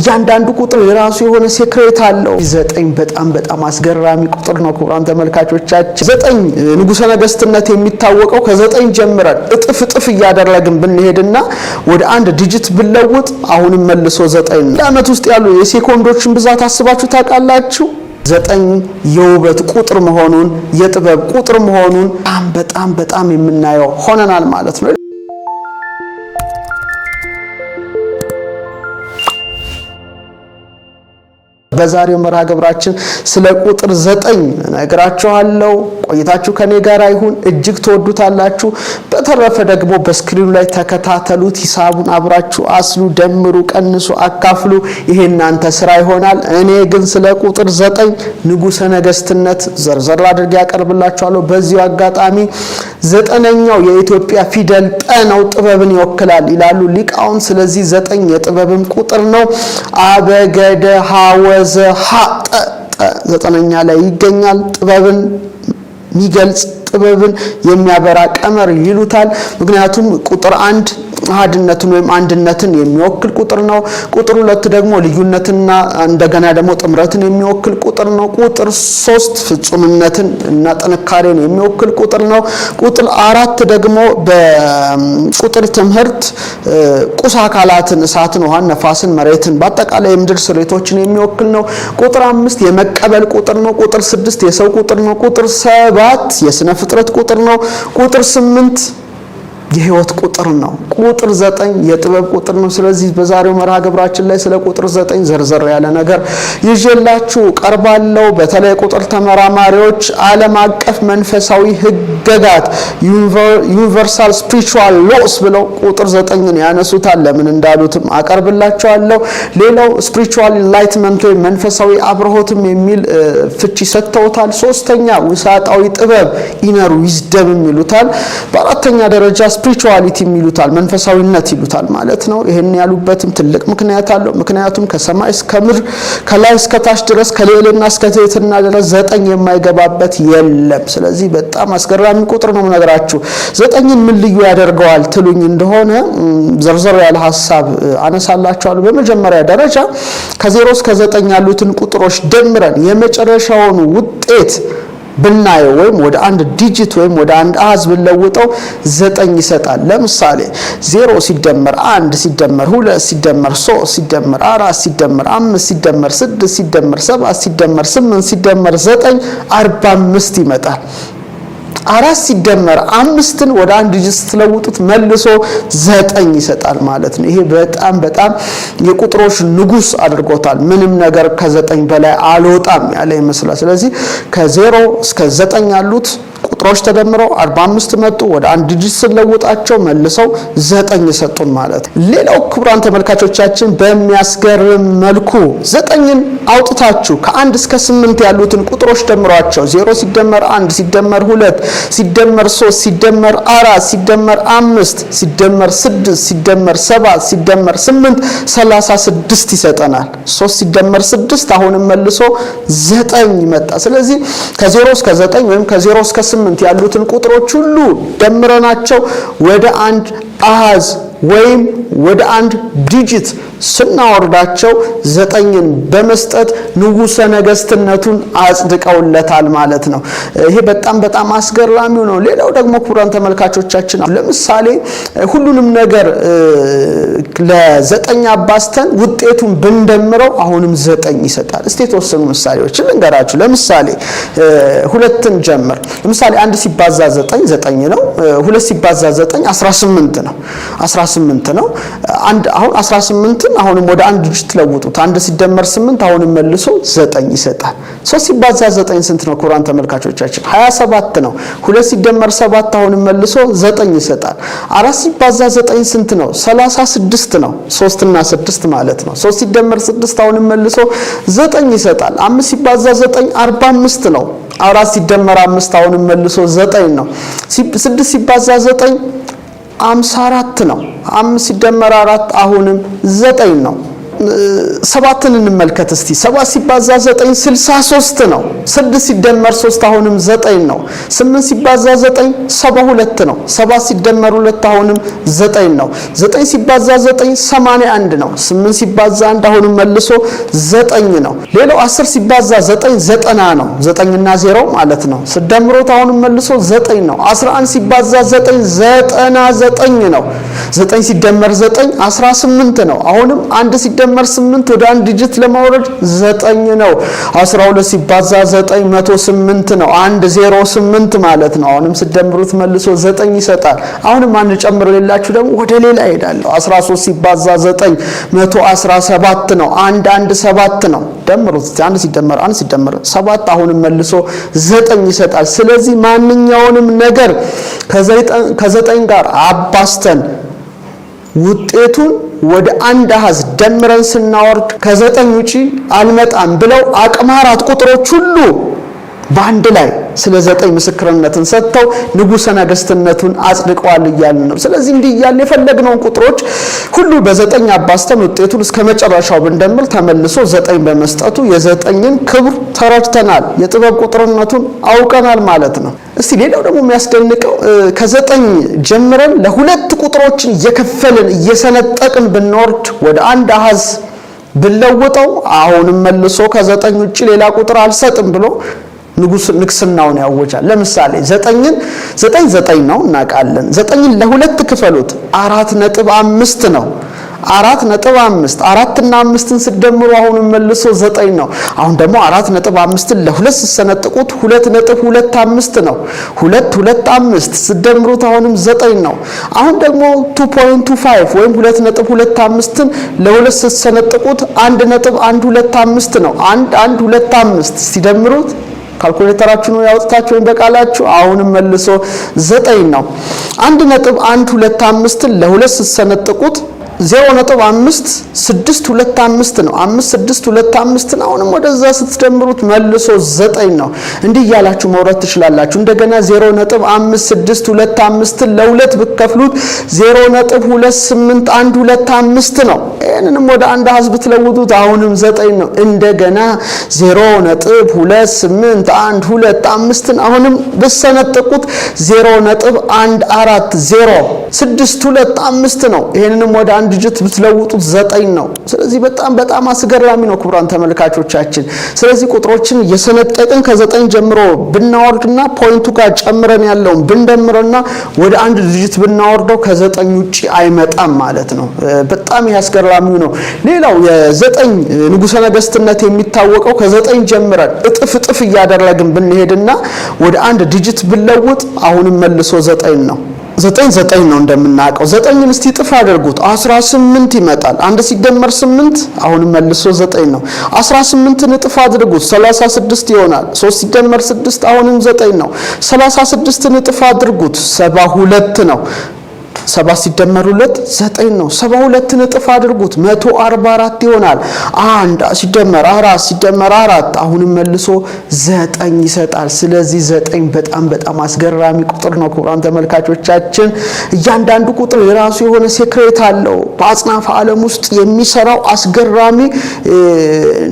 እያንዳንዱ ቁጥር የራሱ የሆነ ሴክሬት አለው። ዘጠኝ በጣም በጣም አስገራሚ ቁጥር ነው። ክቡራን ተመልካቾቻችን ዘጠኝ ንጉሠ ነገሥትነት የሚታወቀው ከዘጠኝ ጀምረን እጥፍ እጥፍ እያደረግን ብንሄድና ወደ አንድ ዲጂት ብለውጥ አሁንም መልሶ ዘጠኝ ነው። ዓመት ውስጥ ያሉ የሴኮንዶችን ብዛት አስባችሁ ታውቃላችሁ? ዘጠኝ የውበት ቁጥር መሆኑን የጥበብ ቁጥር መሆኑን በጣም በጣም በጣም የምናየው ሆነናል ማለት ነው። በዛሬው መርሃ ግብራችን ስለ ቁጥር ዘጠኝ ነግራችኋለሁ። ቆይታችሁ ከኔ ጋር ይሁን፣ እጅግ ትወዱታላችሁ። በተረፈ ደግሞ በስክሪኑ ላይ ተከታተሉት፣ ሂሳቡን አብራችሁ አስሉ፣ ደምሩ፣ ቀንሱ፣ አካፍሉ። ይሄ እናንተ ስራ ይሆናል። እኔ ግን ስለ ቁጥር ዘጠኝ ንጉሰ ነገስትነት ዘርዘር አድርጌ ያቀርብላችኋለሁ። በዚሁ አጋጣሚ ዘጠነኛው የኢትዮጵያ ፊደል ጠ ነው፣ ጥበብን ይወክላል ይላሉ ሊቃውን። ስለዚህ ዘጠኝ የጥበብም ቁጥር ነው። አበገደ ሀወዘ ሀ ጠ ጠ ዘጠነኛ ላይ ይገኛል። ጥበብን የሚገልጽ ጥበብን የሚያበራ ቀመር ይሉታል። ምክንያቱም ቁጥር አንድ አህድነትን ወይም አንድነትን የሚወክል ቁጥር ነው። ቁጥር ሁለት ደግሞ ልዩነትና እንደገና ደግሞ ጥምረትን የሚወክል ቁጥር ነው። ቁጥር ሶስት ፍጹምነትን እና ጥንካሬን የሚወክል ቁጥር ነው። ቁጥር አራት ደግሞ በቁጥር ትምህርት ቁስ አካላትን እሳትን፣ ውሃን፣ ነፋስን፣ መሬትን በአጠቃላይ የምድር ስሬቶችን የሚወክል ነው። ቁጥር አምስት የመቀበል ቁጥር ነው። ቁጥር ስድስት የሰው ቁጥር ነው። ቁጥር ሰባት የስነ ፍጥረት ቁጥር ነው። ቁጥር ስምንት የህይወት ቁጥር ነው። ቁጥር ዘጠኝ የጥበብ ቁጥር ነው። ስለዚህ በዛሬው መርሃ ግብራችን ላይ ስለ ቁጥር ዘጠኝ ዘርዘር ያለ ነገር ይዤላችሁ ቀርባለው። በተለይ ቁጥር ተመራማሪዎች ዓለም አቀፍ መንፈሳዊ ህገጋት ዩኒቨርሳል ስፒሪቹዋል ሎስ ብለው ቁጥር ዘጠኝን ያነሱታል። ለምን እንዳሉትም አቀርብላችኋለሁ። ሌላው ስፒሪቹዋል ኢንላይትመንት ወይም መንፈሳዊ አብርሆትም የሚል ፍቺ ሰጥተውታል። ሶስተኛ ውሳጣዊ ጥበብ ኢነር ዊዝደም ይሉታል። በአራተኛ ደረጃ ስፒሪቹዋሊቲ ይሉታል፣ መንፈሳዊነት ይሉታል ማለት ነው። ይህን ያሉበትም ትልቅ ምክንያት አለው። ምክንያቱም ከሰማይ እስከ ምድር ከላይ እስከ ታች ድረስ ከልዕልና እስከ ትሕትና ድረስ ዘጠኝ የማይገባበት የለም። ስለዚህ በጣም አስገራሚ ቁጥር ነው ነገራችሁ። ዘጠኝን ምን ልዩ ያደርገዋል ትሉኝ እንደሆነ ዘርዘር ያለ ሀሳብ አነሳላችኋለሁ። በመጀመሪያ ደረጃ ከዜሮ እስከ ዘጠኝ ያሉትን ቁጥሮች ደምረን የመጨረሻውን ውጤት ብናየው ወይም ወደ አንድ ዲጂት ወይም ወደ አንድ አሃዝ ብንለውጠው ዘጠኝ ይሰጣል። ለምሳሌ ዜሮ ሲደመር አንድ ሲደመር ሁለት ሲደመር ሶስት ሲደመር አራት ሲደመር አምስት ሲደመር ስድስት ሲደመር ሰባት ሲደመር ስምንት ሲደመር ዘጠኝ አርባ አምስት ይመጣል። አራት ሲደመር አምስትን ወደ አንድ ዲጂት ስትለውጡት መልሶ ዘጠኝ ይሰጣል ማለት ነው። ይሄ በጣም በጣም የቁጥሮች ንጉስ አድርጎታል። ምንም ነገር ከዘጠኝ በላይ አልወጣም ያለ ይመስላል። ስለዚህ ከዜሮ እስከ ዘጠኝ ያሉት ቁጥሮች ተደምረው 45 መጡ። ወደ አንድ ዲጂት ስለውጣቸው መልሰው ዘጠኝ ሰጡን ማለት ሌላው ክቡራን ተመልካቾቻችን በሚያስገርም መልኩ ዘጠኝን አውጥታችሁ ከአንድ እስከ ስምንት ያሉትን ቁጥሮች ደምሯቸው ዜሮ ሲደመር አንድ ሲደመር ሁለት ሲደመር ሶስት ሲደመር አራት ሲደመር አምስት ሲደመር ስድስት ሲደመር ሰባት ሲደመር ስምንት ሰላሳ ስድስት ይሰጠናል። ሶስት ሲደመር ስድስት አሁንም መልሶ ዘጠኝ መጣ። ስለዚህ ከዜሮ እስከ ዘጠኝ ወይም ከዜሮ እስከ ስምንት ያሉትን ቁጥሮች ሁሉ ደምረናቸው ወደ አንድ አሃዝ ወይም ወደ አንድ ዲጂት ስናወርዳቸው ዘጠኝን በመስጠት ንጉሰ ነገስትነቱን አጽድቀውለታል ማለት ነው። ይሄ በጣም በጣም አስገራሚው ነው። ሌላው ደግሞ ክቡራን ተመልካቾቻችን ለምሳሌ ሁሉንም ነገር ለዘጠኝ አባስተን ውጤቱን ብንደምረው አሁንም ዘጠኝ ይሰጣል። እስቲ የተወሰኑ ምሳሌዎችን ልንገራችሁ። ለምሳሌ ሁለትን ጀምር። ለምሳሌ አንድ ሲባዛ ዘጠኝ ዘጠኝ ነው። ሁለት ሲባዛ ዘጠኝ አስራ ስምንት ነው። አስራ ስምንት ነው። አንድ አሁን አስራ ስምንት ግን አሁንም ወደ አንድ ዲጂት ለውጡት። አንድ ሲደመር ስምንት አሁንም መልሶ ዘጠኝ ይሰጣል። ሶስት ሲባዛ ዘጠኝ ስንት ነው? ክቡራን ተመልካቾቻችን ሀያ ሰባት ነው። ሁለት ሲደመር ሰባት አሁንም መልሶ ዘጠኝ ይሰጣል። አራት ሲባዛ ዘጠኝ ስንት ነው? ሰላሳ ስድስት ነው። ሶስትና ስድስት ማለት ነው። ሶስት ሲደመር ስድስት አሁንም መልሶ ዘጠኝ ይሰጣል። አምስት ሲባዛ ዘጠኝ አርባ አምስት ነው። አራት ሲደመር አምስት አሁንም መልሶ ዘጠኝ ነው። ስድስት ሲባዛ ዘጠኝ አምሳ አራት ነው። አምስት ሲደመር አራት አሁንም ዘጠኝ ነው። ሰባትን እንመልከት እስቲ። ሰባት ሲባዛ ዘጠኝ ስልሳ ሶስት ነው። ስድስት ሲደመር ሶስት አሁንም ዘጠኝ ነው። ስምንት ሲባዛ ዘጠኝ ሰባ ሁለት ነው። ሰባት ሲደመር ሁለት አሁንም ዘጠኝ ነው። ዘጠኝ ሲባዛ ዘጠኝ ሰማንያ አንድ ነው። ስምንት ሲባዛ አንድ አሁንም መልሶ ዘጠኝ ነው። ሌላው አስር ሲባዛ ዘጠኝ ዘጠና ነው። ዘጠኝና ዜሮ ማለት ነው። ስደምሮት አሁንም መልሶ ዘጠኝ ነው። አስራ አንድ ሲባዛ ዘጠኝ ዘጠና ዘጠኝ ነው። ዘጠኝ ሲደመር ዘጠኝ አስራ ስምንት ነው። አሁንም አንድ ሲደመር ሲደመር ስምንት ወደ አንድ ዲጂት ለማውረድ ዘጠኝ ነው። 12 ሲባዛ 9 መቶ ነው። 108 ማለት ነው። አሁንም ስደምሩት መልሶ ዘጠኝ ይሰጣል። አሁንም አንድ ጨምር ሌላችሁ ደግሞ ወደ ሌላ ይሄዳለሁ። 13 ሲባዛ ዘጠኝ ሰባት ነው። 117 ነው። ደምሩት። አንድ ሲደመር አንድ ሲደመር 7 አሁንም መልሶ ዘጠኝ ይሰጣል። ስለዚህ ማንኛውንም ነገር ከዘጠኝ ጋር አባስተን ውጤቱን ወደ አንድ አሃዝ ደምረን ስናወርድ ከዘጠኝ ውጪ አልመጣም ብለው አቅማራት ቁጥሮች ሁሉ በአንድ ላይ ስለ ዘጠኝ ምስክርነትን ሰጥተው ንጉሠ ነገሥትነቱን አጽድቀዋል እያልን ነው። ስለዚህ እንዲህ እያልን የፈለግነውን ቁጥሮች ሁሉ በዘጠኝ አባስተን ውጤቱን እስከ መጨረሻው ብንደምር ተመልሶ ዘጠኝ በመስጠቱ የዘጠኝን ክብር ተረድተናል፣ የጥበብ ቁጥርነቱን አውቀናል ማለት ነው። እስቲ ሌላው ደግሞ የሚያስደንቀው ከዘጠኝ ጀምረን ለሁለት ቁጥሮችን እየከፈልን እየሰነጠቅን ብንወርድ ወደ አንድ አሃዝ ብለውጠው አሁንም መልሶ ከዘጠኝ ውጭ ሌላ ቁጥር አልሰጥም ብሎ ንጉስ ንግስናውን ያወጃል። ለምሳሌ ዘጠኝን ዘጠኝ ዘጠኝ ነው እናውቃለን። ዘጠኝን ለሁለት ክፈሉት አራት ነጥብ አምስት ነው። አራት ነጥብ አምስት አራትና አምስትን ስደምሩ አሁን መልሶ ዘጠኝ ነው። አሁን ደግሞ አራት ነጥብ አምስትን ለሁለት ስሰነጥቁት ሁለት ነጥብ ሁለት አምስት ነው። ሁለት ሁለት አምስት ስደምሩት አሁንም ዘጠኝ ነው። አሁን ደግሞ ቱ ፖይንት ቱ ፋይቭ ወይም ሁለት ነጥብ ሁለት አምስትን ለሁለት ስሰነጥቁት አንድ ነጥብ አንድ ሁለት አምስት ነው። አንድ አንድ ሁለት አምስት ሲደምሩት ካልኩሌተራችሁን ያወጣችሁ ወይም በቃላችሁ አሁንም መልሶ ዘጠኝ ነው። አንድ ነጥብ አንድ ሁለት አምስትን ለሁለት ስትሰነጥቁት ዜሮ ነጥብ አምስት ስድስት ሁለት አምስት ነው። አምስት ስድስት ሁለት አምስት ነው። አሁንም ወደዛ ስትደምሩት መልሶ ዘጠኝ ነው። እንዲህ እያላችሁ መውረድ ትችላላችሁ። እንደገና ዜሮ ነጥብ አምስት ስድስት ሁለት አምስትን ለሁለት ብትከፍሉት ዜሮ ነጥብ ሁለት ስምንት አንድ ሁለት አምስት ነው። ይህንንም ወደ አንድ አሃዝ ብትለውጡት አሁንም ዘጠኝ ነው። እንደገና ዜሮ ነጥብ ሁለት ስምንት አንድ ሁለት አምስትን አሁንም ብሰነጥቁት ዜሮ ነጥብ አንድ አራት ዜሮ ስድስት ሁለት አምስት ነው። ይህንንም ወደ አንድ ዲጂት ብትለውጡት ዘጠኝ ነው። ስለዚህ በጣም በጣም አስገራሚ ነው ክቡራን ተመልካቾቻችን። ስለዚህ ቁጥሮችን የሰነጠቅን ከዘጠኝ ጀምሮ ብናወርድና ፖይንቱ ጋር ጨምረን ያለውን ብንደምረና ወደ አንድ ዲጂት ብናወርደው ከዘጠኝ ውጭ አይመጣም ማለት ነው። በጣም ይህ አስገራሚው ነው። ሌላው የዘጠኝ ንጉሰ ነገስትነት የሚታወቀው ከዘጠኝ ጀምረን እጥፍ እጥፍ እያደረግን ብንሄድና ወደ አንድ ዲጂት ብንለውጥ አሁንም መልሶ ዘጠኝ ነው። ዘጠኝ ዘጠኝ ነው እንደምናውቀው። ዘጠኝን እስቲ ጥፍ አድርጉት፣ አስራ ስምንት ይመጣል። አንድ ሲደመር ስምንት አሁንም መልሶ ዘጠኝ ነው። አስራ ስምንትን እጥፍ አድርጉት፣ ሰላሳ ስድስት ይሆናል። ሶስት ሲደመር ስድስት አሁንም ዘጠኝ ነው። ሰላሳ ስድስትን እጥፍ አድርጉት፣ ሰባ ሁለት ነው። ሰባት ሲደመሩለት ዘጠኝ ነው። ሰባ ሁለትን እጥፍ አድርጉት መቶ አርባ አራት ይሆናል። አንድ ሲደመር አራት ሲደመር አራት አሁንም መልሶ ዘጠኝ ይሰጣል። ስለዚህ ዘጠኝ በጣም በጣም አስገራሚ ቁጥር ነው። ክቡራን ተመልካቾቻችን እያንዳንዱ ቁጥር የራሱ የሆነ ሴክሬት አለው። በአጽናፈ ዓለም ውስጥ የሚሰራው አስገራሚ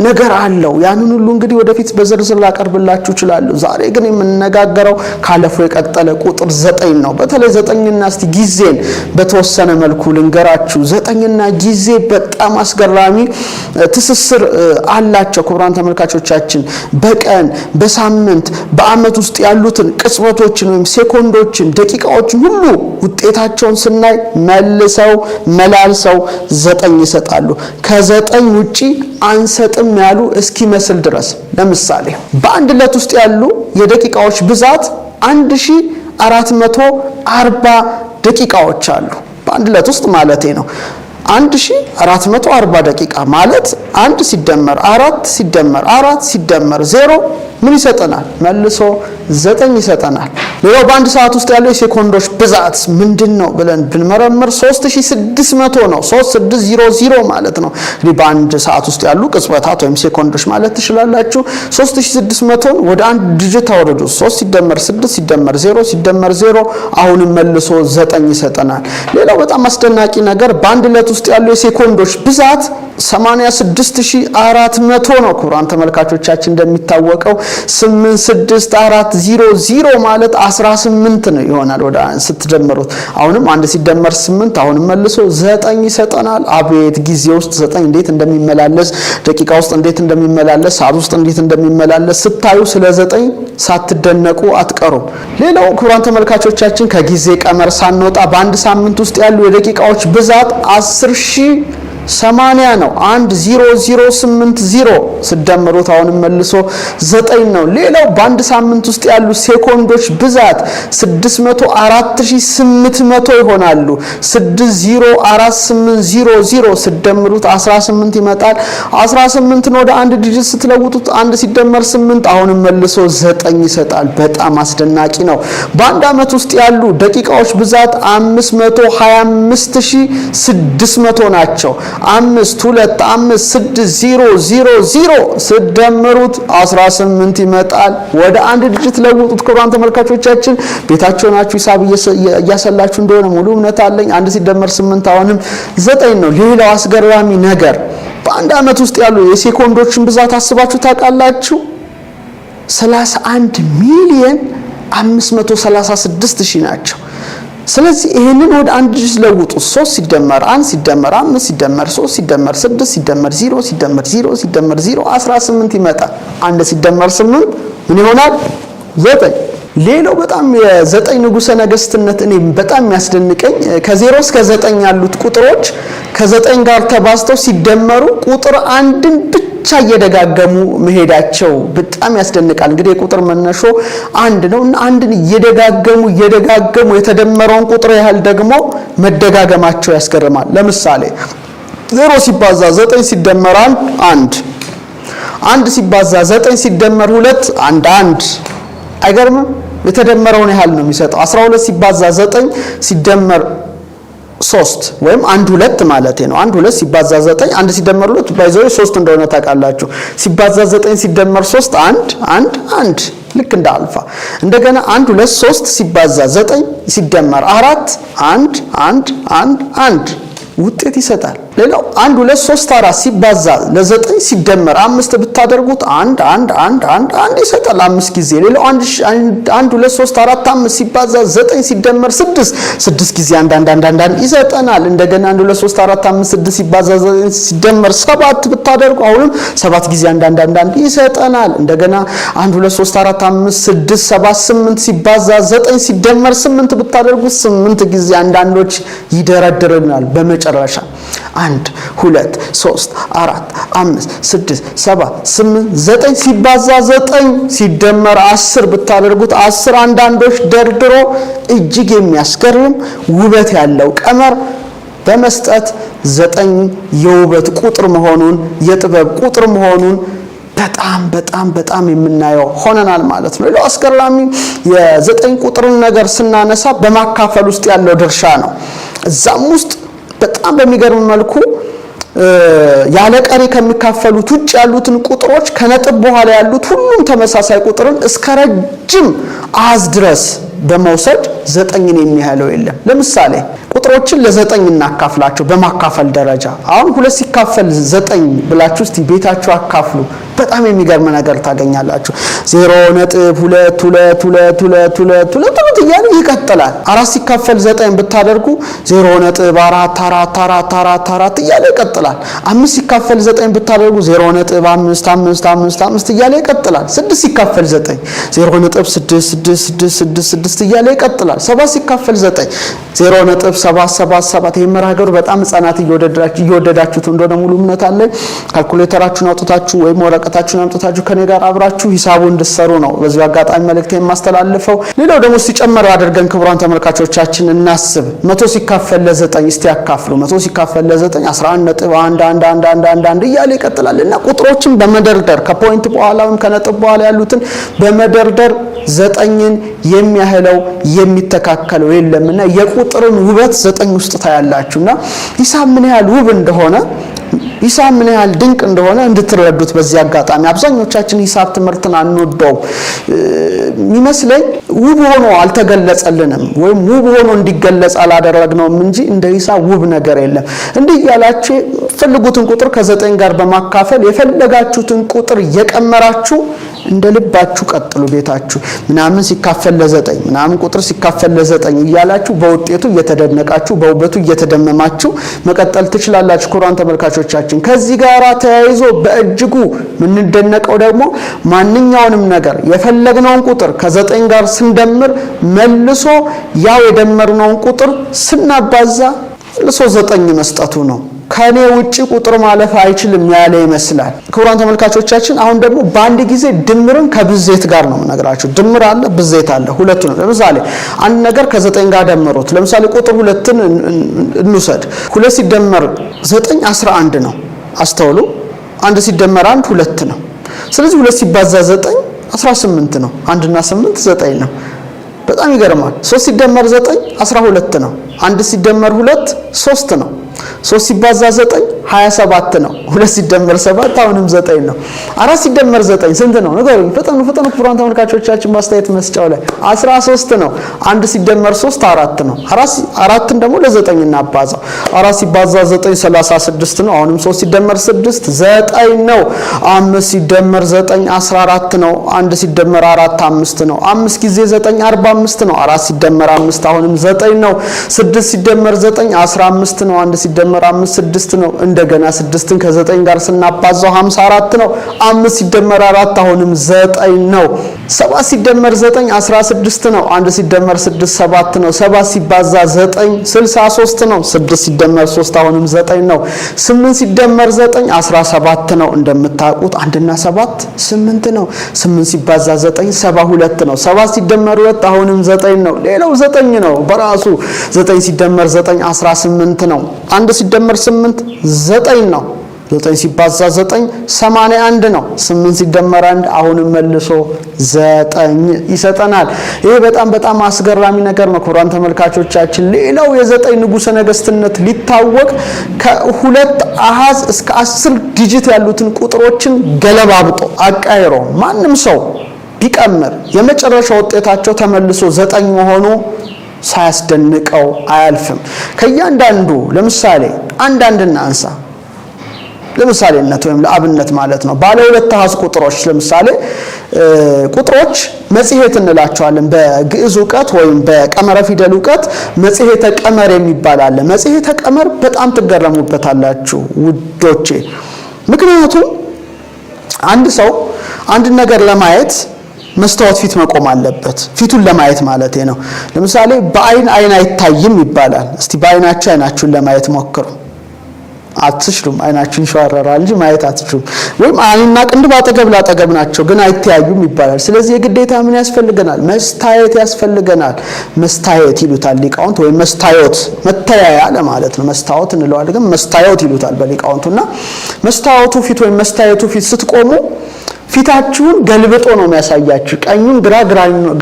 ነገር አለው። ያንን ሁሉ እንግዲህ ወደፊት በዝርዝር ላቀርብላችሁ እችላለሁ። ዛሬ ግን የምንነጋገረው ካለፈው የቀጠለ ቁጥር ዘጠኝ ነው። በተለይ ዘጠኝና እስቲ ጊዜን በተወሰነ መልኩ ልንገራችሁ። ዘጠኝና ጊዜ በጣም አስገራሚ ትስስር አላቸው። ክቡራን ተመልካቾቻችን በቀን በሳምንት በዓመት ውስጥ ያሉትን ቅጽበቶችን ወይም ሴኮንዶችን፣ ደቂቃዎችን ሁሉ ውጤታቸውን ስናይ መልሰው መላልሰው ዘጠኝ ይሰጣሉ። ከዘጠኝ ውጪ አንሰጥም ያሉ እስኪመስል ድረስ ለምሳሌ በአንድ ዕለት ውስጥ ያሉ የደቂቃዎች ብዛት አንድ ሺህ አራት መቶ አርባ ደቂቃዎች አሉ በአንድ ዕለት ውስጥ ማለቴ ነው። 1440 ደቂቃ ማለት አንድ ሲደመር አራት ሲደመር አራት ሲደመር ዜሮ ምን ይሰጠናል? መልሶ ዘጠኝ ይሰጠናል። ሌላው በአንድ ሰዓት ውስጥ ያለው የሴኮንዶች ብዛት ምንድን ነው ብለን ብንመረምር 3600 ነው። 3600 ማለት ነው። እንግዲህ በአንድ ሰዓት ውስጥ ያሉ ቅጽበታት ወይም ሴኮንዶች ማለት ትችላላችሁ። 3600ን ወደ አንድ ድጅት አውርዱ። 3 ሲደመር 6 ሲደመር 0 ሲደመር 0 አሁንም መልሶ ዘጠኝ ይሰጠናል። ሌላው በጣም አስደናቂ ነገር በአንድ ዕለት ውስጥ ያለው የሴኮንዶች ብዛት 86400 ነው። ክቡራን ተመልካቾቻችን እንደሚታወቀው 86400 ማለት 18 ነው ይሆናል። ወደ ስትደምሩት አሁንም አንድ ሲደመር 8 አሁንም መልሶ 9 ይሰጠናል። አቤት ጊዜ ውስጥ 9 እንዴት እንደሚመላለስ ደቂቃ ውስጥ እንዴት እንደሚመላለስ ሰዓት ውስጥ እንዴት እንደሚመላለስ ስታዩ ስለ 9 ሳትደነቁ አትቀሩም። ሌላው ክቡራን ተመልካቾቻችን ከጊዜ ቀመር ሳንወጣ በአንድ ሳምንት ውስጥ ያሉ የደቂቃዎች ብዛት 10000 ሰማንያ ነው። አንድ ዜሮ ዜሮ ስምንት ዜሮ ስደምሩት አሁንም መልሶ ዘጠኝ ነው። ሌላው በአንድ ሳምንት ውስጥ ያሉ ሴኮንዶች ብዛት ስድስት መቶ አራት ሺህ ስምንት መቶ ይሆናሉ። ስድስት አራት ስምንት ስደምሩት አስራ ስምንት ይመጣል። አስራ ስምንትን ወደ አንድ ዲጂት ስትለውጡት አንድ ሲደመር ስምንት አሁንም መልሶ ዘጠኝ ይሰጣል። በጣም አስደናቂ ነው። በአንድ ዓመት ውስጥ ያሉ ደቂቃዎች ብዛት አምስት መቶ ሀያ አምስት ሺህ ስድስት መቶ ናቸው። አምስት ሁለት አምስት ስድስት ዜሮ ዜሮ ዜሮ ስደምሩት 18 ይመጣል። ወደ አንድ ድጅት ለውጡት። ክቡራን ተመልካቾቻችን ቤታቸው ናችሁ ሂሳብ እያሰላችሁ እንደሆነ ሙሉ እምነት አለኝ። አንድ ሲደመር ስምንት አሁንም ዘጠኝ ነው። ሌላው አስገራሚ ነገር በአንድ አመት ውስጥ ያሉ የሴኮንዶችን ብዛት አስባችሁ ታውቃላችሁ? 31 ሚሊየን 536 ሺህ ናቸው። ስለዚህ ይህንን ወደ አንድ ለውጡ ሶስት ሲደመር 1 ሲደመር አምስት ሲደመር 3 ሲደመር 6 ሲደመር 0 ሲደመር 0 ሲደመር 0 18 ይመጣል። አንድ ሲደመር ስምንት ምን ይሆናል? ዘጠኝ ሌላው በጣም የዘጠኝ ንጉሰ ነገስትነት እኔ በጣም የሚያስደንቀኝ ከዜሮ እስከ ዘጠኝ ያሉት ቁጥሮች ከዘጠኝ ጋር ተባዝተው ሲደመሩ ቁጥር አንድን ብቻ እየደጋገሙ መሄዳቸው በጣም ያስደንቃል። እንግዲህ የቁጥር መነሾ አንድ ነው እና አንድን እየደጋገሙ እየደጋገሙ የተደመረውን ቁጥር ያህል ደግሞ መደጋገማቸው ያስገርማል። ለምሳሌ ዜሮ ሲባዛ ዘጠኝ ሲደመር አንድ አንድ አንድ ሲባዛ ዘጠኝ ሲደመር ሁለት አንድ አንድ አይገርምም? የተደመረውን ያህል ነው የሚሰጠው። 12 ሲባዛ 9 ሲደመር 3 ወይም አንድ ሁለት ማለት ነው። 1 2 ሲባዛ 9 1 ሲደመር 2 ባይዘው 3 እንደሆነ ታውቃላችሁ። ሲባዛ 9 ሲደመር 3 1 አንድ 1 ልክ እንደ አልፋ እንደገና 1 2 3 ሲባዛ 9 ሲደመር 4 1 1 1 አንድ ውጤት ይሰጣል። ሌላው አንድ ሁለት ሶስት አራት ሲባዛ ለዘጠኝ ሲደመር አምስት ብታደርጉት አንድ አንድ አንድ አንድ አንድ ይሰጣል አምስት ጊዜ። ሌላው አንድ አንድ ሁለት ሶስት አራት አምስት ሲባዛ ዘጠኝ ሲደመር ስድስት ስድስት ጊዜ አንድ አንድ አንድ አንድ አንድ ይሰጠናል። እንደገና አንድ ሁለት ሶስት አራት አምስት ስድስት ሲባዛ ዘጠኝ ሲደመር ሰባት ብታደርጉ አሁንም ሰባት ጊዜ አንድ አንድ አንድ አንድ ይሰጠናል። እንደገና አንድ ሁለት ሶስት አራት አምስት ስድስት ሰባት ስምንት ሲባዛ ዘጠኝ ሲደመር ስምንት ብታደርጉት ስምንት ጊዜ አንዳንዶች ይደረድርናል። በመጨረሻ አንድ ሁለት ሶስት አራት አምስት ስድስት ሰባት ስምንት ዘጠኝ ሲባዛ ዘጠኝ ሲደመር አስር ብታደርጉት አስር አንዳንዶች ደርድሮ እጅግ የሚያስገርም ውበት ያለው ቀመር በመስጠት ዘጠኝ የውበት ቁጥር መሆኑን የጥበብ ቁጥር መሆኑን በጣም በጣም በጣም የምናየው ሆነናል ማለት ነው። ሌላው አስገራሚ የዘጠኝ ቁጥርን ነገር ስናነሳ በማካፈል ውስጥ ያለው ድርሻ ነው። እዛም ውስጥ በጣም በሚገርም መልኩ ያለ ቀሪ ከሚካፈሉት ውጭ ያሉትን ቁጥሮች ከነጥብ በኋላ ያሉት ሁሉም ተመሳሳይ ቁጥርን እስከ ረጅም አሃዝ ድረስ በመውሰድ ዘጠኝን የሚያህለው የለም። ለምሳሌ ቁጥሮችን ለዘጠኝ እናካፍላቸው። በማካፈል ደረጃ አሁን ሁለት ሲካፈል ዘጠኝ ብላችሁ እስቲ ቤታችሁ አካፍሉ። በጣም የሚገርም ነገር ታገኛላችሁ። ዜሮ ነጥብ ሁለት ሁለት ሁለት ሁለት ሁለት ሁለት ሁለት እያለ ይቀጥላል። አራት ሲካፈል ዘጠኝ ብታደርጉ ዜሮ ነጥብ አራት አራት አራት አራት አራት እያለ ይቀጥላል። አምስት ሲካፈል ዘጠኝ ብታደርጉ ዜሮ ነጥብ አምስት አምስት አምስት አምስት እያለ ይቀጥላል። ስድስት ሲካፈል ዘጠኝ ዜሮ ነጥብ ስድስት ስድስት ስድስት ስድስት ስድስት እያለ ይቀጥላል። ሰባት ሲካፈል ዘጠኝ ዜሮ ነጥብ ሰባት ሰባት ሰባት ይህ መርሃ ግብር በጣም ህጻናት እየወደዳችሁት እንደሆነ ሙሉ እምነት አለ። ካልኩሌተራችሁን አውጥታችሁ ወይም ወረቀታችሁን አምጥታችሁ ከኔ ጋር አብራችሁ ሂሳቡ እንድሰሩ ነው በዚሁ አጋጣሚ መልእክት የማስተላልፈው። ሌላው ደግሞ ሲጨመረ አድርገን ክቡራን ተመልካቾቻችን እናስብ። መቶ ሲካፈል ለዘጠኝ እስቲ ያካፍሉ። መቶ ሲካፈል ለዘጠኝ አስራ አንድ ነጥብ አንድ አንድ አንድ አንድ አንድ አንድ እያለ ይቀጥላል እና ቁጥሮችን በመደርደር ከፖይንት በኋላ ወይም ከነጥብ በኋላ ያሉትን በመደርደር ዘጠኝን የሚያህል የሚያህለው የሚተካከለው የለምና የቁጥርን ውበት ዘጠኝ ውስጥ ታያላችሁና ሂሳብ ምን ያህል ውብ እንደሆነ ሂሳብ ምን ያህል ድንቅ እንደሆነ እንድትረዱት በዚህ አጋጣሚ አብዛኞቻችን ሂሳብ ትምህርትን አንወደው የሚመስለኝ ውብ ሆኖ አልተገለጸልንም ወይም ውብ ሆኖ እንዲገለጽ አላደረግነውም እንጂ እንደ ሂሳብ ውብ ነገር የለም። እንዲህ እያላችሁ የፈልጉትን ቁጥር ከዘጠኝ ጋር በማካፈል የፈለጋችሁትን ቁጥር እየቀመራችሁ እንደ ልባችሁ ቀጥሉ። ቤታችሁ ምናምን ሲካፈል ለዘጠኝ ምናምን ቁጥር ሲካፈል ለዘጠኝ እያላችሁ በውጤቱ እየተደነቃችሁ በውበቱ እየተደመማችሁ መቀጠል ትችላላችሁ። ክቡራን ተመልካቾቻችን፣ ከዚህ ጋር ተያይዞ በእጅጉ የምንደነቀው ደግሞ ማንኛውንም ነገር የፈለግነውን ቁጥር ከዘጠኝ ጋር ስንደምር መልሶ ያው የደመርነውን ቁጥር ስናባዛ መልሶ ዘጠኝ መስጠቱ ነው። ከእኔ ውጭ ቁጥር ማለፍ አይችልም ያለ ይመስላል። ክቡራን ተመልካቾቻችን፣ አሁን ደግሞ በአንድ ጊዜ ድምርን ከብዜት ጋር ነው የምነግራችሁ። ድምር አለ፣ ብዜት አለ። ሁለቱ ነው። ለምሳሌ አንድ ነገር ከዘጠኝ ጋር ደምሩት። ለምሳሌ ቁጥር ሁለትን እንውሰድ። ሁለት ሲደመር ዘጠኝ አስራ አንድ ነው። አስተውሉ። አንድ ሲደመር አንድ ሁለት ነው። ስለዚህ ሁለት ሲባዛ ዘጠኝ አስራ ስምንት ነው። አንድና ስምንት ዘጠኝ ነው። በጣም ይገርማል። ሶስት ሲደመር ዘጠኝ አስራ ሁለት ነው። አንድ ሲደመር ሁለት ሶስት ነው። ሶስት ሲባዛ ዘጠኝ 27 ሰባት ነው። ሁለት ሲደመር ሰባት አሁንም ዘጠኝ ነው። አራት ሲደመር ዘጠኝ ስንት ነው? ንገሩኝ፣ ፍጠኑ ፍጠኑ። ክቡራን ተመልካቾቻችን ማስተያየት መስጫው ላይ 13 ነው። አንድ ሲደመር ሶስት አራት ነው። አራትን ደግሞ ለዘጠኝ እናባዛው። አራት ሲባዛ ዘጠኝ 36 ነው። አሁንም ሶስት ሲደመር 6 ዘጠኝ ነው። አምስት ሲደመር ዘጠኝ 14 ነው። አንድ ሲደመር አራት አምስት ነው። አምስት ጊዜ ዘጠኝ 45 ነው። አራት ሲደመር አምስት አሁንም ዘጠኝ ነው። ስድስት ሲደመር ዘጠኝ 15 ነው። አንድ ሲደመር አምስት ስድስት ነው። እንደገና ስድስትን ከዘጠኝ ጋር ስናባዛው ሃምሳ አራት ነው። አምስት ሲደመር አራት አሁንም ዘጠኝ ነው። ሰባት ሲደመር ዘጠኝ አስራ ስድስት ነው። አንድ ሲደመር ስድስት ሰባት ነው። ሰባት ሲባዛ ዘጠኝ ስልሳ ሶስት ነው። ስድስት ሲደመር ሶስት አሁንም ዘጠኝ ነው። ስምንት ሲደመር ዘጠኝ አስራ ሰባት ነው። እንደምታውቁት አንድና ሰባት ስምንት ነው። ስምንት ሲባዛ ዘጠኝ ሰባ ሁለት ነው። ሰባት ሲደመር ሁለት አሁንም ዘጠኝ ነው። ሌላው ዘጠኝ ነው በራሱ ዘጠኝ ሲደመር ዘጠኝ አስራ ስምንት ነው። አንድ ሲደመር ስምንት ዘጠኝ ነው። ዘጠኝ ሲባዛ ዘጠኝ ሰማንያ አንድ ነው። ስምንት ሲደመር አንድ አሁንም መልሶ ዘጠኝ ይሰጠናል። ይሄ በጣም በጣም አስገራሚ ነገር ነው ክቡራን ተመልካቾቻችን። ሌላው የዘጠኝ ንጉሰ ነገስትነት ሊታወቅ ከሁለት አሃዝ እስከ አስር ዲጂት ያሉትን ቁጥሮችን ገለባብጦ አቃይሮ ማንም ሰው ቢቀምር የመጨረሻ ውጤታቸው ተመልሶ ዘጠኝ መሆኑ ሳያስደንቀው አያልፍም። ከእያንዳንዱ ለምሳሌ አንዳንድ እናንሳ። ለምሳሌነት ወይም ለአብነት ማለት ነው። ባለ ሁለት አሃዝ ቁጥሮች ለምሳሌ ቁጥሮች መጽሔት እንላቸዋለን። በግዕዝ እውቀት ወይም በቀመረ ፊደል እውቀት መጽሔተ ቀመር የሚባል አለ። መጽሔተ ቀመር በጣም ትገረሙበታላችሁ ውዶቼ። ምክንያቱም አንድ ሰው አንድ ነገር ለማየት መስታወት ፊት መቆም አለበት። ፊቱን ለማየት ማለት ነው። ለምሳሌ በአይን አይን አይታይም ይባላል። እስቲ በአይናችሁ አይናችሁን ለማየት ሞክሩ። አትችሉም። አይናችሁን ይሸዋረራል እንጂ ማየት አትችሉም። ወይም አይንና ቅንድብ አጠገብ ላጠገብ ናቸው ግን አይተያዩም ይባላል። ስለዚህ የግዴታ ምን ያስፈልገናል? መስታየት ያስፈልገናል። መስታየት ይሉታል ሊቃውንት፣ ወይም መስታዮት መተያያ ለማለት ነው። መስታወት እንለዋለን፣ ግን መስታየት ይሉታል በሊቃውንቱና መስታወቱ ፊት ወይም መስታየቱ ፊት ስትቆሙ ፊታችሁን ገልብጦ ነው የሚያሳያችሁ። ቀኙን ግራ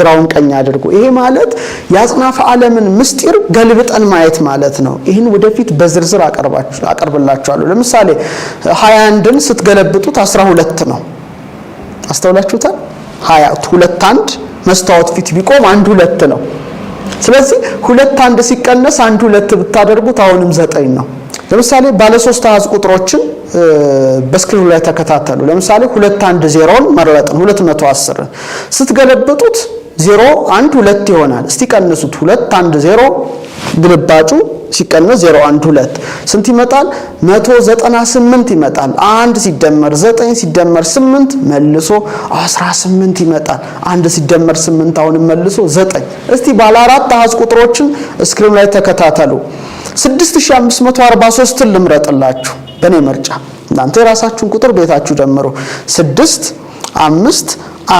ግራውን ቀኝ አድርጎ። ይሄ ማለት የአጽናፈ ዓለምን ምስጢር ገልብጠን ማየት ማለት ነው። ይህን ወደፊት በዝርዝር አቀርብላችኋለሁ። ለምሳሌ 21ን ስትገለብጡት 12 ነው። አስተውላችሁታል? 20 ሁለት አንድ መስታወት ፊት ቢቆም አንድ ሁለት ነው። ስለዚህ ሁለት አንድ ሲቀነስ አንድ ሁለት ብታደርጉት አሁንም ዘጠኝ ነው። ለምሳሌ ባለሶስት አሃዝ ቁጥሮችን በስክሪኑ ላይ ተከታተሉ። ለምሳሌ ሁለት አንድ ዜሮን መረጥን። ሁለት ስትገለብጡት ዜሮ አንድ ሁለት ይሆናል። እስቲ ቀንሱት። ሁለት አንድ 012 ስንት ይመጣል? 198 ይመጣል። አንድ ሲደመር 9 ሲደመር 8 መልሶ 18 ይመጣል። አንድ ሲደመር 8 አሁን መልሶ 9። እስቲ ባለ አራት አሃዝ ቁጥሮችን እስክሪም ላይ ተከታተሉ። 6543ን ልምረጥላችሁ በእኔ ምርጫ። እናንተ የራሳችሁን ቁጥር ቤታችሁ ጀምሩ። ስድስት አምስት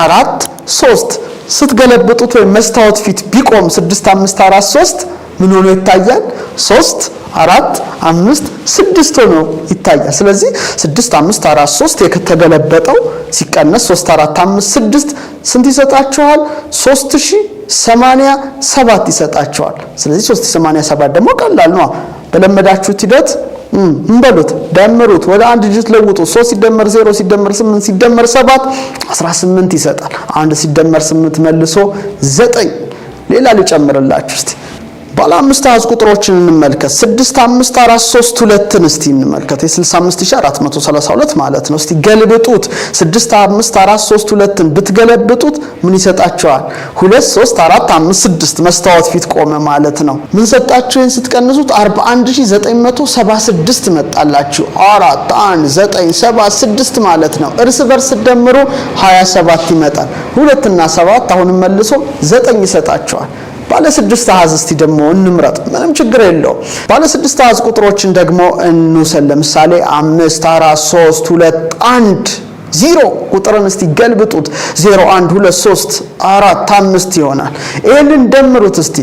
አራት ሶስት ስትገለብጡት ወይም መስታወት ፊት ቢቆም ስድስት አምስት አራት ሶስት ምን ሆኖ ይታያል? ሶስት አራት አምስት ስድስት ሆኖ ይታያል። ስለዚህ ስድስት አምስት አራት ሶስት የተገለበጠው ሲቀነስ ሶስት አራት አምስት ስድስት ስንት ይሰጣችኋል? ሶስት ሺህ ሰማንያ ሰባት ይሰጣቸዋል። ስለዚህ ሶስት ሰማንያ ሰባት ደግሞ ቀላል ነው። በለመዳችሁት ሂደት እንበሉት፣ ደምሩት፣ ወደ አንድ ዲጂት ለውጡ። ሶስት ሲደመር ዜሮ ሲደመር ስምንት ሲደመር ሰባት አስራ ስምንት ይሰጣል። አንድ ሲደመር ስምንት መልሶ ዘጠኝ ሌላ ልጨምርላችሁ እስቲ ባለ አምስት አሃዝ ቁጥሮችን እንመልከት። 6543 እስቲ እንመልከት። የ65432 ማለት ነው። እስቲ ገልብጡት። 6543 ብትገለብጡት ምን ይሰጣቸዋል? 6 መስታወት ፊት ቆመ ማለት ነው። ምን ይህን ስትቀንሱት 41976 መጣላችሁ። 4አ97 41976 ማለት ነው። እርስ በርስ ደምሮ 27 ይመጣል። ሁለትና ሰባት አሁንም መልሶ 9 ይሰጣቸዋል። ባለ ስድስት አሃዝ እስቲ ደግሞ እንምረጥ። ምንም ችግር የለው። ባለ ስድስት አሃዝ ቁጥሮችን ደግሞ እንውሰድ። ለምሳሌ አምስት፣ አራት፣ ሶስት፣ ሁለት፣ አንድ ዜሮ ቁጥርን እስቲ ገልብጡት። ዜሮ አንድ ሁለት ሶስት አራት አምስት ይሆናል። ይህንን ደምሩት እስቲ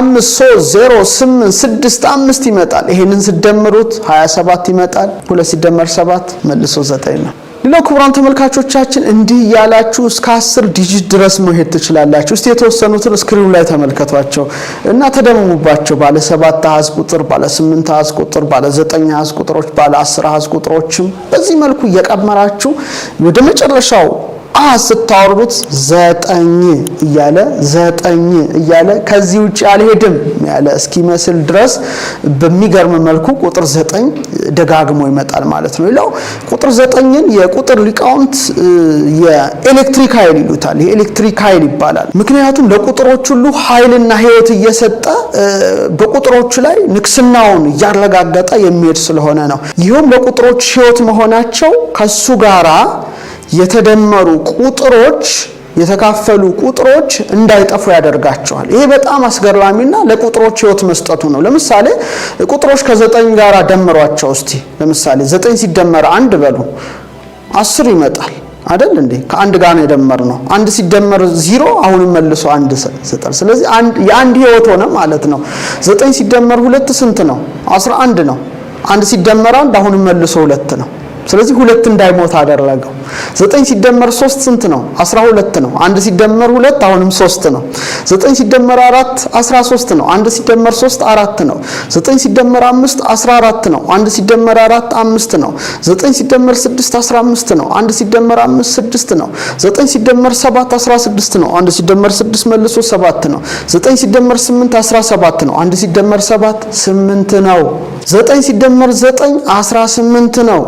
አምስት ሶስት ዜሮ ስምንት ስድስት አምስት ይመጣል። ይህንን ስደምሩት ሀያ ሰባት ይመጣል። ሁለት ሲደመር ሰባት መልሶ ዘጠኝ ነው። ሌላው ክቡራን ተመልካቾቻችን እንዲህ እያላችሁ እስከ አስር ዲጂት ድረስ መሄድ ትችላላችሁ። እስቲ የተወሰኑትን ስክሪኑ ላይ ተመልከቷቸው እና ተደመሙባቸው። ባለ ሰባት አሃዝ ቁጥር፣ ባለ ስምንት አሃዝ ቁጥር፣ ባለ ዘጠኝ አሃዝ ቁጥሮች፣ ባለ አስር አሃዝ ቁጥሮችም በዚህ መልኩ እየቀመራችሁ ወደ መጨረሻው አ ስታወርዱት ዘጠኝ እያለ ዘጠኝ እያለ ከዚህ ውጭ አልሄድም ያለ እስኪመስል ድረስ በሚገርም መልኩ ቁጥር ዘጠኝ ደጋግሞ ይመጣል ማለት ነው። ይለው ቁጥር ዘጠኝን የቁጥር ሊቃውንት የኤሌክትሪክ ኃይል ይሉታል። የኤሌክትሪክ ኃይል ይባላል። ምክንያቱም ለቁጥሮች ሁሉ ኃይልና ሕይወት እየሰጠ በቁጥሮቹ ላይ ንግስናውን እያረጋገጠ የሚሄድ ስለሆነ ነው። ይህም ለቁጥሮች ሕይወት መሆናቸው ከሱ ጋራ የተደመሩ ቁጥሮች የተካፈሉ ቁጥሮች እንዳይጠፉ ያደርጋቸዋል። ይሄ በጣም አስገራሚና ለቁጥሮች ህይወት መስጠቱ ነው። ለምሳሌ ቁጥሮች ከዘጠኝ ጋር ደምሯቸው እስቲ። ለምሳሌ ዘጠኝ ሲደመር አንድ በሉ አስር ይመጣል አይደል እንዴ? ከአንድ ጋር ነው የደመር ነው። አንድ ሲደመር ዚሮ አሁንም መልሶ አንድ ይሰጣል። ስለዚህ የአንድ ህይወት ሆነ ማለት ነው። ዘጠኝ ሲደመር ሁለት ስንት ነው? አስራ አንድ ነው። አንድ ሲደመር አንድ፣ አሁንም መልሶ ሁለት ነው። ስለዚህ ሁለት እንዳይሞት አደረገው። ዘጠኝ ሲደመር ሶስት ስንት ነው? አስራ ሁለት ነው። አንድ ሲደመር ሁለት አሁንም ሶስት ነው። ዘጠኝ ሲደመር አራት አስራ ሶስት ነው። አንድ ሲደመር ሶስት አራት ነው። ዘጠኝ ሲደመር አምስት አስራ አራት ነው። አንድ ሲደመር አራት አምስት ነው። ዘጠኝ ሲደመር ስድስት አስራ አምስት ነው። አንድ ሲደመር አምስት ስድስት ነው። ዘጠኝ ሲደመር ሰባት አስራ ስድስት ነው። አንድ ሲደመር ስድስት መልሶ ሰባት ነው። ዘጠኝ ሲደመር ስምንት አስራ ሰባት ነው። አንድ ሲደመር ሰባት ስምንት ነው። ዘጠኝ ሲደመር ዘጠኝ አስራ ስምንት ነው።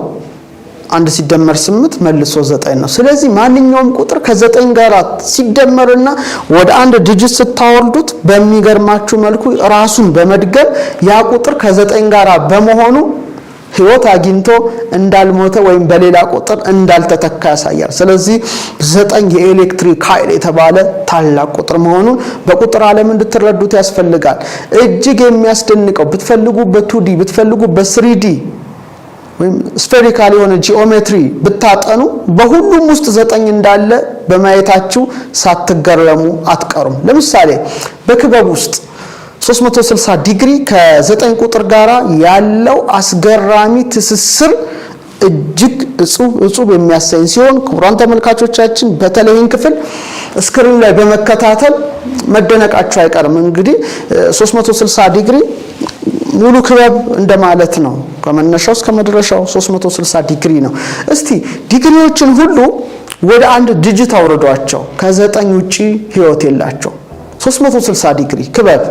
አንድ ሲደመር ስምንት መልሶ ዘጠኝ ነው። ስለዚህ ማንኛውም ቁጥር ከዘጠኝ ጋር ሲደመርና ወደ አንድ ድጅት ስታወርዱት በሚገርማችሁ መልኩ ራሱን በመድገም ያ ቁጥር ከዘጠኝ ጋር በመሆኑ ህይወት አግኝቶ እንዳልሞተ ወይም በሌላ ቁጥር እንዳልተተካ ያሳያል። ስለዚህ ዘጠኝ የኤሌክትሪክ ኃይል የተባለ ታላቅ ቁጥር መሆኑን በቁጥር ዓለም እንድትረዱት ያስፈልጋል። እጅግ የሚያስደንቀው ብትፈልጉ በቱዲ ብትፈልጉ በስሪዲ ወይም ስፌሪካል የሆነ ጂኦሜትሪ ብታጠኑ በሁሉም ውስጥ ዘጠኝ እንዳለ በማየታችሁ ሳትገረሙ አትቀሩም። ለምሳሌ በክበብ ውስጥ 360 ዲግሪ ከዘጠኝ ቁጥር ጋር ያለው አስገራሚ ትስስር እጅግ እጹብ እጹብ የሚያሰኝ ሲሆን ክቡራን ተመልካቾቻችን በተለይን ክፍል ስክሪን ላይ በመከታተል መደነቃችሁ አይቀርም። እንግዲህ 360 ዲግሪ ሙሉ ክበብ እንደማለት ነው። ከመነሻው እስከ መድረሻው 360 ዲግሪ ነው። እስቲ ዲግሪዎችን ሁሉ ወደ አንድ ዲጂት አውርዷቸው። ከዘጠኝ ውጪ ህይወት የላቸው። 360 ዲግሪ ክበብ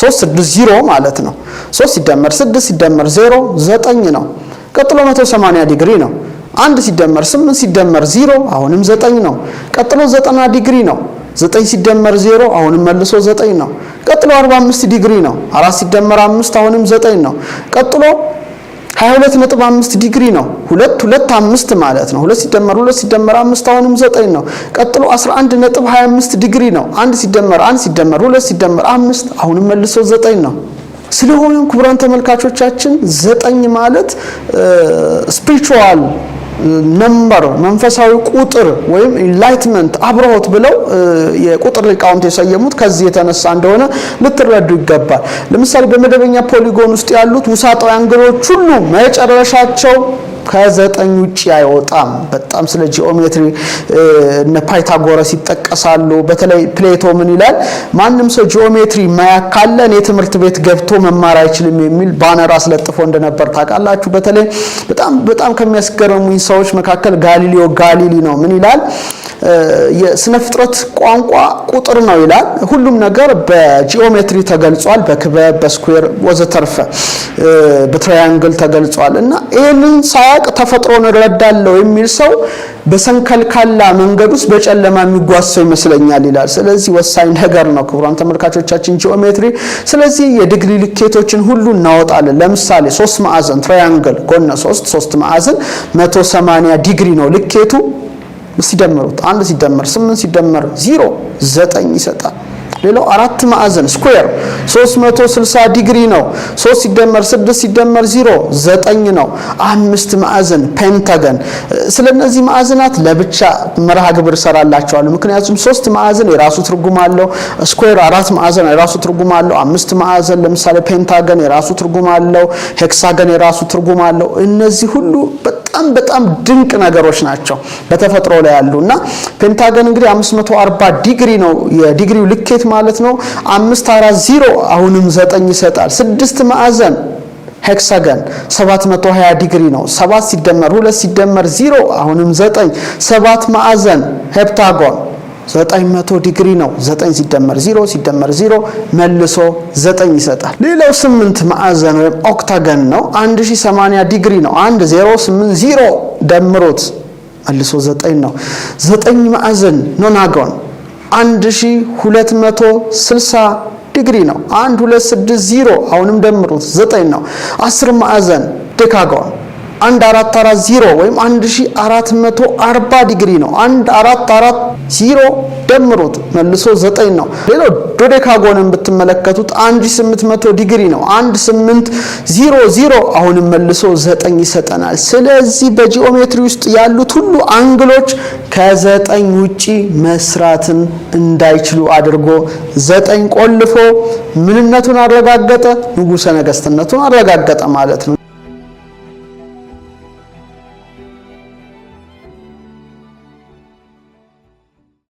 360 ማለት ነው። 3 ሲደመር 6 ሲደመር 0 ዘጠኝ ነው። ቀጥሎ 180 ዲግሪ ነው። አንድ ሲደመር 8 ሲደመር 0 አሁንም ዘጠኝ ነው። ቀጥሎ 90 ዲግሪ ነው። ዘጠኝ ሲደመር ዜሮ አሁንም መልሶ ዘጠኝ ነው። ቀጥሎ 45 ዲግሪ ነው። አራት ሲደመር አምስት አሁንም ዘጠኝ ነው። ቀጥሎ 22 ዲግሪ ነው። ሁለት ሁለት አምስት ማለት ነው። ሁለት ሲደመር ሁለት ሲደመር አምስት አሁንም ዘጠኝ ነው። ቀጥሎ 11.25 25 ዲግሪ ነው። አንድ ሲደመር አንድ ሲደመር ሁለት ሲደመር አምስት አሁንም መልሶ ዘጠኝ ነው። ስለሆነም ክቡራን ተመልካቾቻችን ዘጠኝ ማለት ስፒሪቹዋል ነምበር መንፈሳዊ ቁጥር ወይም ኢንላይትመንት አብረሆት ብለው የቁጥር ሊቃውንት የሰየሙት ከዚህ የተነሳ እንደሆነ ልትረዱ ይገባል። ለምሳሌ በመደበኛ ፖሊጎን ውስጥ ያሉት ውሳጣዊ አንግሎች ሁሉ መጨረሻቸው ከዘጠኝ ውጭ አይወጣም። በጣም ስለ ጂኦሜትሪ እነ ፓይታጎረስ ይጠቀሳሉ። በተለይ ፕሌቶ ምን ይላል? ማንም ሰው ጂኦሜትሪ ማያክ ካለ ትምህርት ቤት ገብቶ መማር አይችልም የሚል ባነር አስለጥፎ እንደነበር ታውቃላችሁ። በተለይ በጣም በጣም ከሚያስገርሙኝ ሰዎች መካከል ጋሊሊዮ ጋሊሊ ነው። ምን ይላል? የስነ ፍጥረት ቋንቋ ቁጥር ነው ይላል። ሁሉም ነገር በጂኦሜትሪ ተገልጿል፣ በክበብ፣ በስኩዌር ወዘተርፈ በትራያንግል ተገልጿል እና ይህንን ሳ ሳያውቅ ተፈጥሮን እረዳለሁ የሚል ሰው በሰንከልካላ መንገድ ውስጥ በጨለማ የሚጓዝ ሰው ይመስለኛል ይላል። ስለዚህ ወሳኝ ነገር ነው ክቡራን ተመልካቾቻችን ጂኦሜትሪ። ስለዚህ የዲግሪ ልኬቶችን ሁሉ እናወጣለን። ለምሳሌ ሶስት ማዕዘን ትራያንግል ጎነ ሶስት ሶስት ማዕዘን 180 ዲግሪ ነው ልኬቱ። ሲደምሩት አንድ ሲደመር ስምንት ሲደመር ዜሮ ዘጠኝ ይሰጣል። ሌላው አራት ማዕዘን ስኩዌር 360 ዲግሪ ነው። 3 ሲደመር 6 ሲደመር 0 ዘጠኝ ነው። አምስት ማዕዘን ፔንታገን። ስለነዚህ ማዕዘናት ለብቻ መርሃ ግብር እሰራላቸዋለሁ። ምክንያቱም ሶስት ማዕዘን የራሱ ትርጉም አለው። ስኩዌር አራት ማዕዘን የራሱ ትርጉም አለው። አምስት ማዕዘን ለምሳሌ ፔንታገን የራሱ ትርጉም አለው። ሄክሳገን የራሱ ትርጉም አለው። እነዚህ ሁሉ በጣም በጣም ድንቅ ነገሮች ናቸው በተፈጥሮ ላይ ያሉ እና ፔንታገን እንግዲህ 540 ዲግሪ ነው የዲግሪው ልኬት ማለት ነው። 540 አሁንም ዘጠኝ ይሰጣል። ስድስት ማዕዘን ሄክሳገን 720 ዲግሪ ነው። 7 ሲደመር 2 ሲደመር 0 አሁንም 9 7 ማዕዘን ሄፕታጎን 900 ዲግሪ ነው። 9 ሲደመር 0 ሲደመር 0 መልሶ 9 ይሰጣል። ሌላው 8 ማዕዘን ወይም ኦክታገን ነው። 1080 ዲግሪ ነው። 1 0 8 0 ደምሮት መልሶ 9 ነው። 9 ማዕዘን ኖናጎን 1260 ዲግሪ ነው። 1260 አሁንም ደምሮት 9 ነው። 10 ማዕዘን ዴካጎን አንድ አራት አራት ዜሮ ወይም 1ሺ40ቶ አርባ ዲግሪ ነው። አንድ አራት አራት ዜሮ ደምሩት መልሶ ዘጠኝ ነው። ሌላው ዶዴካጎንን ብትመለከቱት መቶ ዲግሪ ነው። ዜሮ አሁንም መልሶ ዘጠኝ ይሰጠናል። ስለዚህ በጂኦሜትሪ ውስጥ ያሉት ሁሉ አንግሎች ከዘጠኝ ውጪ መስራትን እንዳይችሉ አድርጎ ዘጠኝ ቆልፎ ምንነቱን አረጋገጠ፣ ንጉሰ ነገስትነቱን አረጋገጠ ማለት ነው።